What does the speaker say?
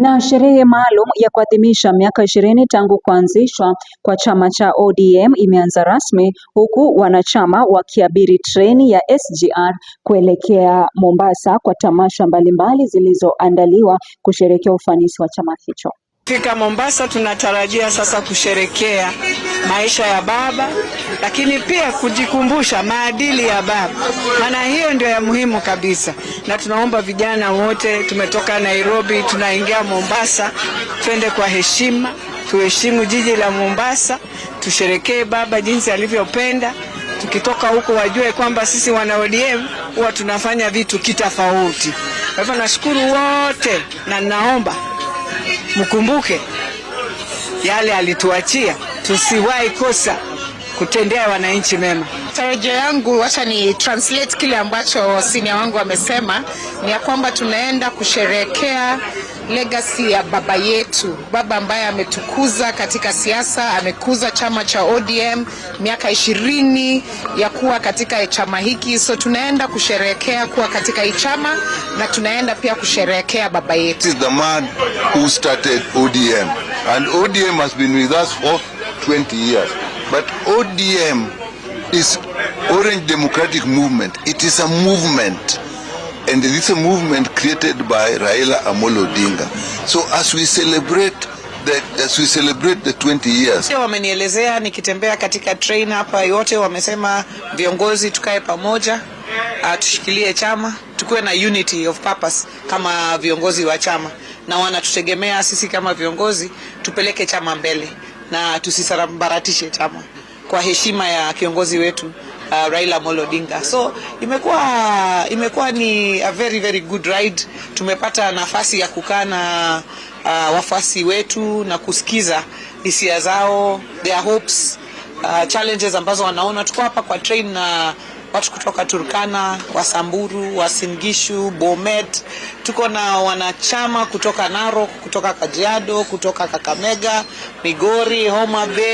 Na sherehe maalum ya kuadhimisha miaka ishirini tangu kuanzishwa kwa chama cha ODM imeanza rasmi huku wanachama wakiabiri treni ya SGR kuelekea Mombasa kwa tamasha mbalimbali zilizoandaliwa kusherehekea ufanisi wa chama hicho. Fika Mombasa tunatarajia sasa kusherekea maisha ya baba, lakini pia kujikumbusha maadili ya baba, maana hiyo ndio ya muhimu kabisa. Na tunaomba vijana wote, tumetoka Nairobi tunaingia Mombasa, twende kwa heshima, tuheshimu jiji la Mombasa, tusherekee baba jinsi alivyopenda. Tukitoka huko wajue kwamba sisi wana ODM huwa tunafanya vitu kitofauti. Kwa hivyo nashukuru wote na naomba mkumbuke yale alituachia, tusiwahi kosa kutendea wananchi mema. Tarajio yangu wacha ni translate kile ambacho senior wangu wamesema, ni ya kwamba tunaenda kusherekea legacy ya baba yetu, baba ambaye ametukuza katika siasa, amekuza chama cha ODM miaka ishirini ya kuwa katika chama hiki. So tunaenda kusherehekea kuwa katika hii chama na tunaenda pia kusherehekea baba yetu. This is the man who started ODM and ODM has been with us for 20 years but ODM is Orange Democratic Movement. It is a movement and this is a movement created by Raila Amolo Odinga. So as we celebrate the, as we celebrate the 20 years. Wamenielezea nikitembea katika train hapa, yote wamesema viongozi tukae pamoja, ah, tushikilie chama, tukuwe na unity of purpose kama viongozi wa chama, na wanatutegemea sisi kama viongozi tupeleke chama mbele na tusisambaratishe chama kwa heshima ya kiongozi wetu uh, Raila Amolo Odinga. So imekuwa imekuwa ni a very very good ride. Tumepata nafasi ya kukaa na uh, wafuasi wetu na kusikiza hisia zao, their hopes, uh, challenges ambazo wanaona. Tuko hapa kwa train na watu kutoka Turkana, Wasamburu, Wasingishu, Bomet. Tuko na wanachama kutoka Narok, kutoka Kajiado, kutoka Kakamega, Migori, Homa Bay.